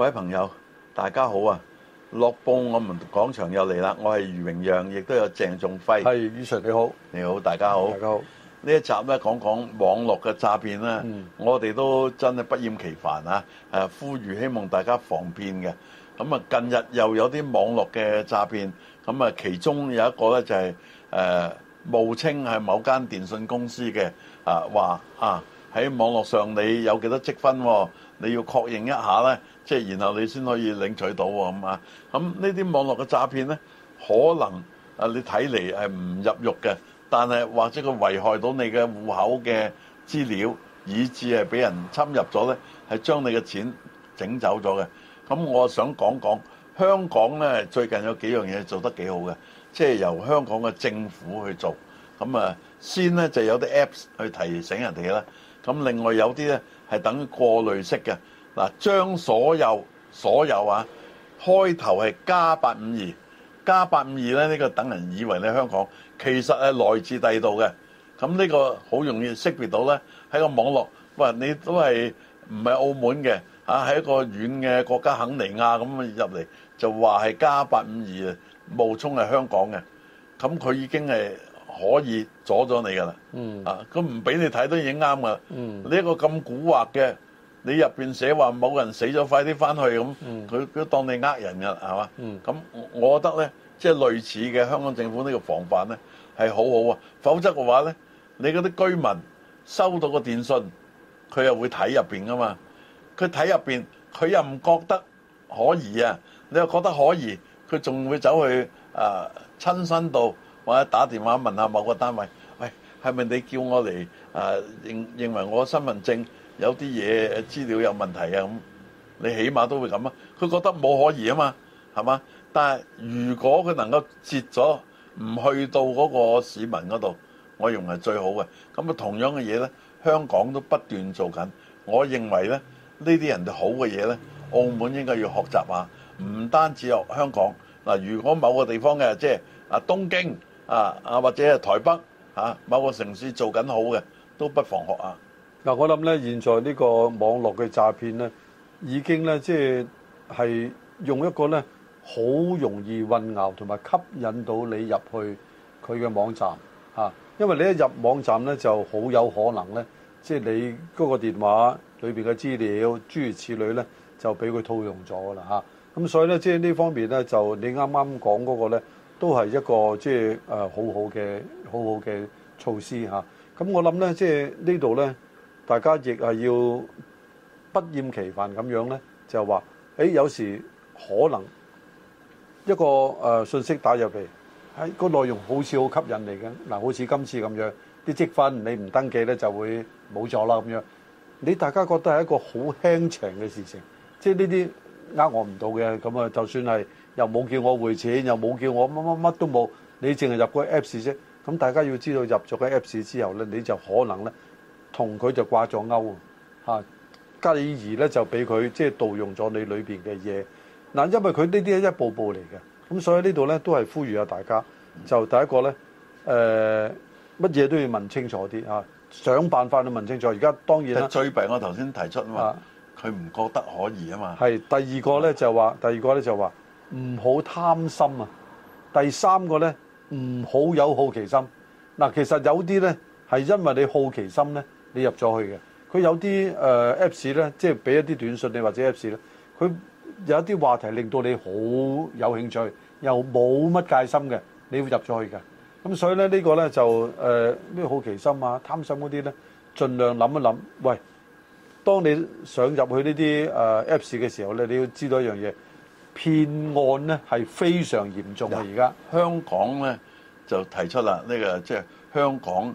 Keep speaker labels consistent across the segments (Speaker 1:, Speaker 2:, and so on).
Speaker 1: 各位朋友，大家好啊！樂報我們講場又嚟啦，我係余榮讓，亦都有鄭仲輝。係余 Sir 你好。你好，大家好。大家好。呢一集咧講講網絡嘅詐騙啦，啊嗯，我哋都真係不厭其煩啊！呼籲希望大家防騙嘅。咁啊，近日又有啲網絡嘅詐騙，咁啊，其中有一個咧就係誒冒稱係某間電信公司嘅啊，話啊喺網絡上你有幾多積分，啊，你要確認一下咧。即係然後你先可以領取到喎。咁啊，咁呢啲網絡嘅詐騙呢，可能啊你睇嚟係唔入獄嘅，但係或者佢危害到你嘅戶口嘅資料，以至係俾人侵入咗呢，係將你嘅錢整走咗嘅。咁我想講講香港呢，最近有幾樣嘢做得幾好嘅，即係由香港嘅政府去做，咁啊先呢就有啲 Apps 去提醒人哋啦。咁另外有啲呢，係等於過濾式嘅。嗱，將所有所有啊，開頭係加八五二，加八五二咧，呢個等人以為你香港，其實係來自第度嘅。咁呢個好容易識別到咧，喺個網絡，喂，你都係唔係澳門嘅？啊，喺一個遠嘅國家肯尼亞咁入嚟，就話係加八五二，冒充係香港嘅。咁佢已經係可以阻咗你噶啦。嗯，啊，唔俾你睇都已經啱噶。嗯，呢一個咁古惑嘅。你入邊寫話某人死咗，快啲返去咁，佢佢當你呃人噶，係嘛？咁我覺得呢，即係類似嘅香港政府呢個防範呢，係好好啊。否則嘅話呢，你嗰啲居民收到個電信，佢又會睇入邊噶嘛？佢睇入邊，佢又唔覺得可疑啊？你又覺得可疑，佢仲會走去誒、呃、親身度或者打電話問下某個單位，喂，係咪你叫我嚟誒、呃、認認為我身份證？有啲嘢資料有問題啊咁，你起碼都會咁啊。佢覺得冇可疑啊嘛，係嘛？但係如果佢能夠截咗，唔去到嗰個市民嗰度，我認為係最好嘅。咁啊，同樣嘅嘢呢，香港都不斷做緊。我認為呢，呢啲人哋好嘅嘢呢，澳門應該要學習呀。唔單止有香港嗱，如果某個地方嘅即係啊東京啊啊或者係台北啊某個城市做緊好嘅，都不妨學呀。
Speaker 2: 嗱，我諗咧，現在呢個網絡嘅詐騙咧，已經咧即係係用一個咧好容易混淆同埋吸引到你入去佢嘅網站嚇，因為你一入網站咧，就好有可能咧，即係你嗰個電話裏邊嘅資料諸如此類咧，就俾佢套用咗啦嚇。咁所以咧，即係呢方面咧，就你啱啱講嗰個咧，都係一個即係誒好好嘅好好嘅措施嚇。咁我諗咧，即係呢度咧。大家亦係要不厭其煩咁樣咧，就話誒，有時可能一個誒信息打入嚟，係個內容好似好吸引你嘅嗱，好似今次咁樣啲積分，你唔登記咧就會冇咗啦咁樣。你大家覺得係一個好輕長嘅事情，即係呢啲呃我唔到嘅咁啊，就算係又冇叫我匯錢，又冇叫我乜乜乜都冇，你淨係入個 Apps 啫。咁大家要知道入咗個 Apps 之後咧，你就可能咧。同佢就掛咗鈎啊，嚇，繼而咧就俾佢即係盜用咗你裏面嘅嘢。嗱、啊，因為佢呢啲係一步步嚟嘅，咁所以呢度咧都係呼籲下大家，就第一個咧，誒乜嘢都要問清楚啲啊，想辦法去問清楚。而家當然，最弊我頭先提出啊嘛，佢唔覺得可疑啊嘛。係第二個咧就話，第二個咧就話唔好貪心啊。第三個咧唔好有好奇心。嗱、啊，其實有啲咧係因為你好奇心咧。你入咗去嘅，佢有啲 Apps 咧，即係俾一啲短信你或者 Apps 咧，佢有一啲話題令到你好有興趣，又冇乜戒心嘅，你會入咗去嘅。咁所以咧呢、呢個咧就誒咩、呃、好奇心啊、貪心嗰啲咧，盡量諗一諗。喂，當你想入去呢啲 Apps 嘅時候咧，你要知道一樣嘢，騙案咧係非常嚴重嘅而家。香港咧就提出啦，呢、呢個即係、就是、
Speaker 1: 香港。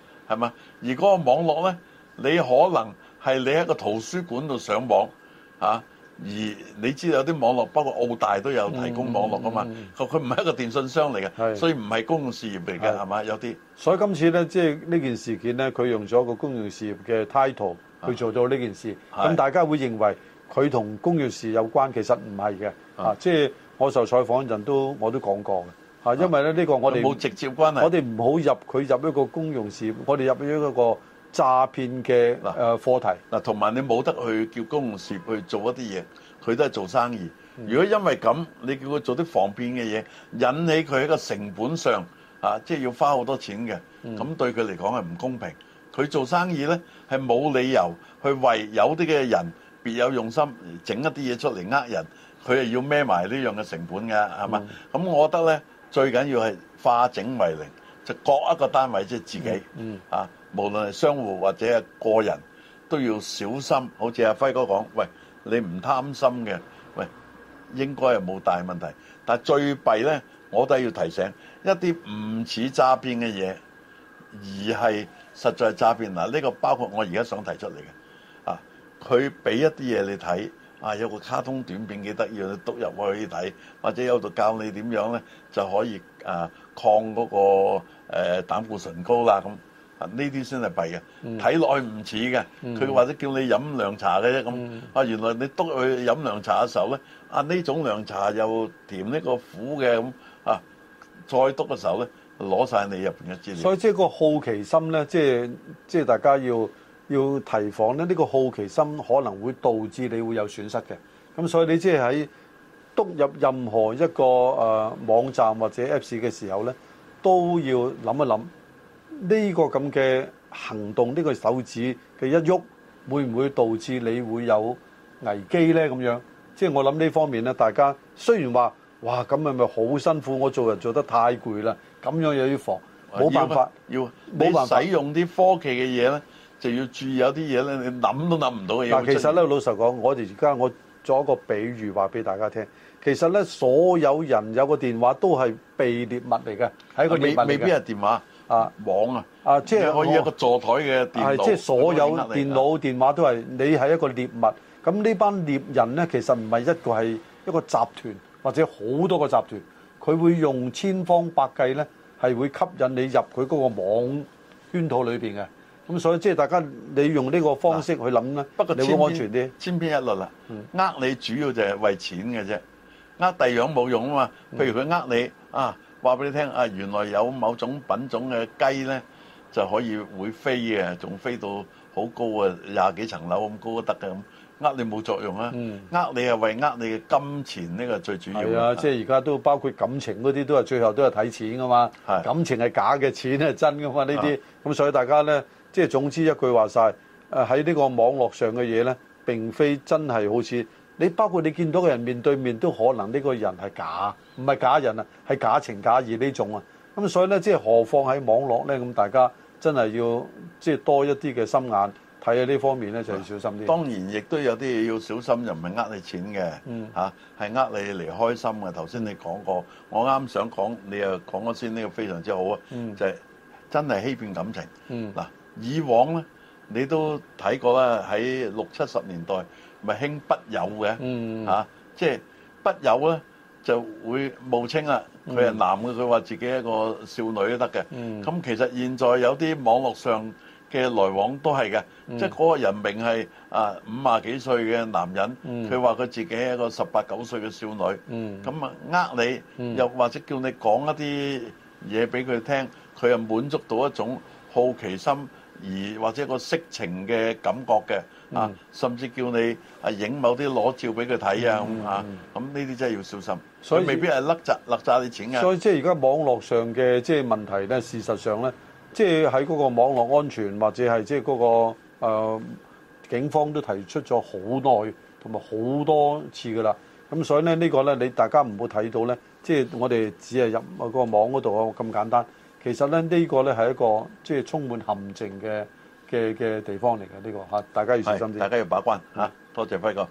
Speaker 1: 係嘛？而嗰個網絡咧，你可能係你喺個圖書館度上網，嚇、啊。而你知道有啲網絡，包括澳大都有提供網絡噶
Speaker 2: 嘛？佢佢唔係一個電信商嚟嘅，所以唔係公共事業嚟嘅，係嘛？有啲。所以今次咧，即係呢件事件咧，佢用咗個公用事業嘅 title 去做咗呢件事。咁大家會認為佢同公用事業有關，其實唔係嘅。嚇、啊！即係我受採訪嗰陣都，我都講過嘅。啊，因為咧呢個我哋冇直接關係，我哋唔好入佢入一個公用事業，我哋入咗一個詐騙嘅誒課題。嗱，同埋你冇得去
Speaker 1: 叫公用事業去做一啲嘢，佢都係做生意。如果因為咁，你叫佢做啲防騙嘅嘢，引起佢喺個成本上啊，即係要花好多錢嘅。咁，嗯，對佢嚟講係唔公平。佢做生意咧係冇理由去為有啲嘅人別有用心整一啲嘢出嚟呃人，佢係要孭埋呢樣嘅成本㗎，係嘛？咁，嗯，我覺得咧。最緊要係化整為零，就各一個單位即係、即係、自己、嗯嗯，啊，無論係商戶或者係個人，都要小心。好似阿輝哥講，喂，你唔貪心嘅，喂，應該係冇大問題。但係最弊呢，我都係要提醒一啲唔似詐騙嘅嘢，而係實在係詐騙嗱。呢、呢個包括我而家想提出嚟嘅，啊，佢俾一啲嘢你睇。啊！有個卡通短片幾得意，你督入去可以睇，或者有度教你點樣咧，就可以啊抗嗰、嗰個誒、呃、膽固醇高啦咁啊！呢啲先係弊嘅，睇、嗯、落去唔似嘅，佢、嗯、或者叫你飲涼茶嘅啫咁啊！原來你篤去飲涼茶嘅時候咧，啊呢種涼茶又甜呢、呢個苦嘅咁啊，再篤嘅時候咧，攞晒你入邊嘅資料。所以
Speaker 2: 即係個好奇心咧，即係即係大家要。要提防呢，呢個好奇心可能會導致你會有損失嘅。咁所以你即係喺督入任何一個誒網站或者 Apps 嘅時候呢，都要諗一諗呢個咁嘅行動，呢個手指嘅一喐，會唔會導致你會有危機呢？咁樣即係我諗呢方面呢，大家雖然話哇咁係咪好辛苦，我做人做得太攰啦，咁樣又要防，冇辦法要冇辦法你使用啲科技嘅嘢呢。就要注意有啲嘢咧，你諗都諗唔到嘅嘢。嗱，其實咧，老實講，我哋而家我做一個比喻話俾大家聽。其實咧，所有人有個電話都係被獵物嚟嘅，係、啊、一個獵物嚟嘅。未，未必係電話啊，網啊啊，即係可以一個
Speaker 1: 座台嘅電腦。啊、即係所有電
Speaker 2: 腦、電話都係你係一個獵物。咁、啊、呢班獵人咧，其實唔係一個係一個集團或者好多個集團，佢會用千方百計咧，係會吸引你入佢嗰個網圈套裏邊嘅。咁所以即係大家你用呢個方式去諗啦、啊，不過你會安全啲。
Speaker 1: 千篇一律啦、啊，呃、嗯、你主要就係為錢嘅啫，呃第二樣冇用啊嘛。譬如佢呃你啊，話俾你聽啊，原來有某種品種嘅雞咧就可以會飛嘅，仲飛到好高啊，廿幾層樓咁高都得嘅咁。呃你冇作用啊，呃、嗯、你係為呃你嘅金錢呢個最主要啊。係啊，係啊，係啊，
Speaker 2: 即係而家都包括感情嗰啲都係最後都係睇錢㗎嘛係、啊。感情係假嘅，錢係真㗎嘛呢啲。咁、啊、所以大家咧。即係總之一句話晒，誒喺呢個網絡上嘅嘢呢，並非真係好似你包括你見到嘅人面對面都可能呢個人係假，唔係假人啊，係假情假意呢種啊。咁所以呢，即係何況喺網絡呢？咁大家真係要即係多一啲嘅心眼睇下呢方面呢，就要小心啲。當然亦都
Speaker 1: 有啲嘢要小心，又唔係呃你錢嘅，嚇係呃你嚟開心嘅。頭先你講過，我啱想講，你又講咗先，呢個非常之好啊、嗯，就係真係欺騙感情嗱。嗯以往咧，你都睇過啦。喺六七十年代，咪興筆友嘅嚇，即係筆友咧就會冒稱啦。佢係男嘅，佢話自己一個少女都得嘅。咁其實現在有啲網絡上嘅來往都係嘅，即係嗰個人名係啊五廿幾歲嘅男人，佢話佢自己係一個十八九歲嘅少女。咁啊，呃你又或者叫你講一啲嘢俾佢聽，佢又滿足到一種好奇心。而或者一個色情嘅感覺嘅、嗯、啊，甚至叫你係影某啲裸照俾佢睇啊咁啊，咁呢啲真係要小心，所以未必係甩砸甩砸啲錢嘅。所以即
Speaker 2: 係而家網絡上嘅即係問題咧，事實上咧，即係喺嗰個網絡安全或者係即係、嗰、嗰個、呃、警方都提出咗好耐同埋好多次㗎啦。咁所以咧呢、呢個咧你大家唔好睇到咧，即係我哋只係入嗰個網嗰度啊咁簡單，其實呢、呢個呢係一個即係充滿陷阱嘅地方嚟嘅，呢、呢個大家要小心，大家要把關，多謝輝哥。